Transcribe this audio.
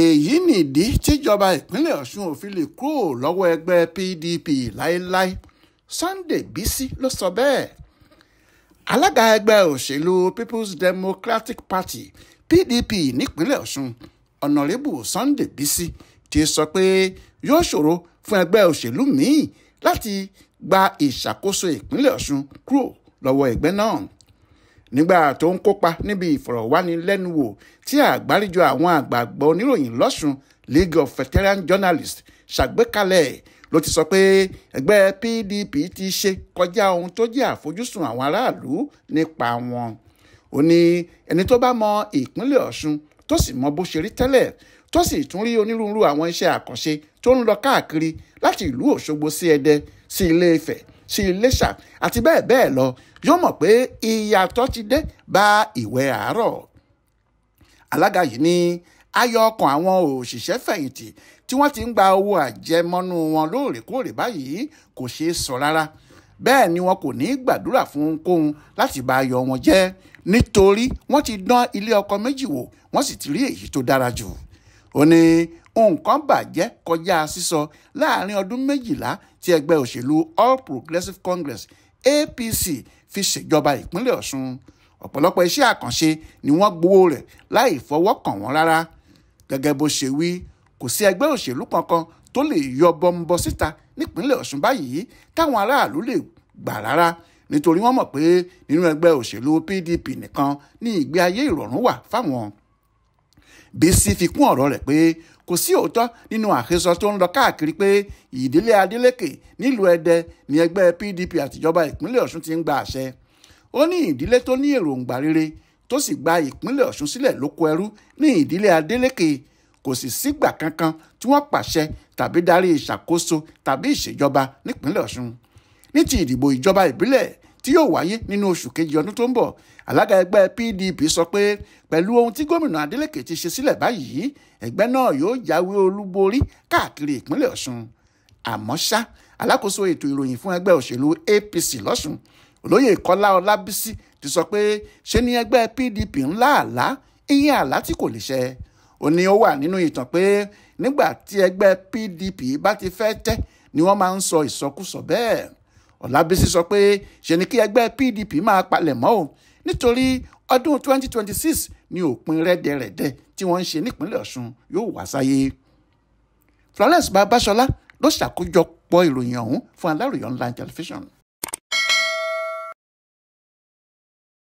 èyí nìdí tíjọba ìpínlẹ̀ ọ̀ṣun ò fi lè kúrò lọ́wọ́ ẹgbẹ́ pdp láéláé sunday bisi ló sọ bẹ́ẹ̀ alága ẹgbẹ́ òṣèlú people's democratic party pdp nípínlẹ̀ ọ̀ṣun ọ̀nàrẹ́bù sunday bisi ti sọ pé yóò ṣòro fún ẹgbẹ́ òṣèlú míì láti gba ìṣàkóso ìpínlẹ̀ ọ̀ṣun kúrò lọ́wọ́ ẹgbẹ́ náà nígbà tó ń kópa níbi ìfọ̀rọ̀wánilẹ́nuwò tí àgbáríjọ àwọn àgbààgbà oníròyìn lọ́sùn League of Veteran Journalists ṣàgbékalẹ̀ ló ti sọ pé ẹgbẹ́ PDP ti ṣe kọjá ohun tó jẹ́ àfojúsùn àwọn aráàlú nípa wọn ó ní ẹni tó bá mọ ìpínlẹ̀ Ọ̀ṣun tó sì mọ bó ṣe rí tẹ́lẹ̀ tó sì tún rí onírúurú àwọn iṣẹ́ àkànṣe tó ń lọ káàkiri láti ìlú Òṣogbo sí Ẹdẹ sí Ilé Ifẹ̀ sí Iléṣà àti bẹ́ẹ̀ bẹ́ẹ̀ lọ yóò mọ̀ pé ìyàtọ̀ ti dé bá ìwẹ̀ àárọ̀. alága yìí ní ayọ̀ ọkàn àwọn òṣìṣẹ́ fẹ̀yìntì tí wọ́n ti ń gba owó àjẹmọ́nú wọn lóòrèkóòrè báyìí kò ṣeé sọ rárá bẹ́ẹ̀ ni wọn kò ní í gbàdúrà fún ohunkóhun láti bà ayọ̀ wọn jẹ́ nítorí wọ́n ti dán ilé ọkọ méjì wò wọ́n sì ti rí èyí tó dára jù ó ní nǹkan bàjẹ́ kọjá sísọ láàrin ọdún méjìlá tí ẹgbẹ́ òṣèlú All Progressives Congress APC fi ṣèjọba ìpínlẹ̀ Ọ̀ṣun ọ̀pọ̀lọpọ̀ iṣẹ́ àkànṣe ni wọ́n gbowó rẹ̀ láì fọwọ́ kàn wọ́n rárá gẹ́gẹ́ bó ṣe wí kò sí ẹgbẹ́ òṣèlú kankan tó lè yọ bọ́m̀bọ́ síta nípínlẹ̀ Ọ̀ṣun báyìí táwọn aráàlú lè gbà rárá nítorí wọ́n mọ̀ pé nínú ẹgbẹ́ òṣèlú PDP nìkan ni ìgbé ayé ìrọ̀rùn wà fáwọn Bísí fi kún ọ̀rọ̀ rẹ̀ pé kò sí òótọ́ nínú àhesọ tó ń lọ káàkiri pé ìdílé Adeleke nílùú Ẹdẹ ní ẹgbẹ́ PDP àtijọba ìpínlẹ̀ Ọ̀ṣun ti ń gba àṣẹ ó ní ìdílé tó ní èròǹgbà rere tó sì gba ìpínlẹ̀ Ọ̀ṣun sílẹ̀ lóko ẹrú ní ìdílé Adeleke kò sì sígbà kankan tí wọ́n pàṣẹ tàbí darí ìṣàkóso tàbí ìṣèjọba nípínlẹ̀ Ọ̀ṣun ní ti ìdìbò ìjọba ìbílẹ̀ tí yóò wáyé nínú oṣù kejì ọdún tó ń bọ̀ alága ẹgbẹ́ PDP sọ pé pẹ̀lú ohun tí gómìnà Adeleke ti ṣe sílẹ̀ báyìí ẹgbẹ́ náà yóò jáwé olúborí káàkiri ìpínlẹ̀ Ọ̀ṣun àmọ́ ṣá alákòóso ètò ìròyìn fún ẹgbẹ́ òṣèlú APC lọ́sùn olóyè Kọ́lá Ọlábísí ti sọ pé ṣe ni ẹgbẹ́ PDP ńlá àlá ìyẹn àlá tí kò lè ṣẹ ó ní ó wà nínú ìtàn pé nígbà tí ẹgbẹ́ PDP bá ti fẹ́ tẹ́ ni wọ́n máa ń sọ ìsọkúsọ bẹ́ẹ̀ ọ̀làbísí sọ pé ṣe ni kí ẹgbẹ́ pdp máa palẹ̀ mọ́ o nítorí ọdún 2026 ni òpin rẹ́dẹrẹ́dẹ tí wọ́n ń ṣe nípínlẹ̀ ọ̀ṣun yóò wá sáyé florence babasola ló ṣàkójọpọ̀ ìròyìn ọ̀hún fún aláròyìn online television.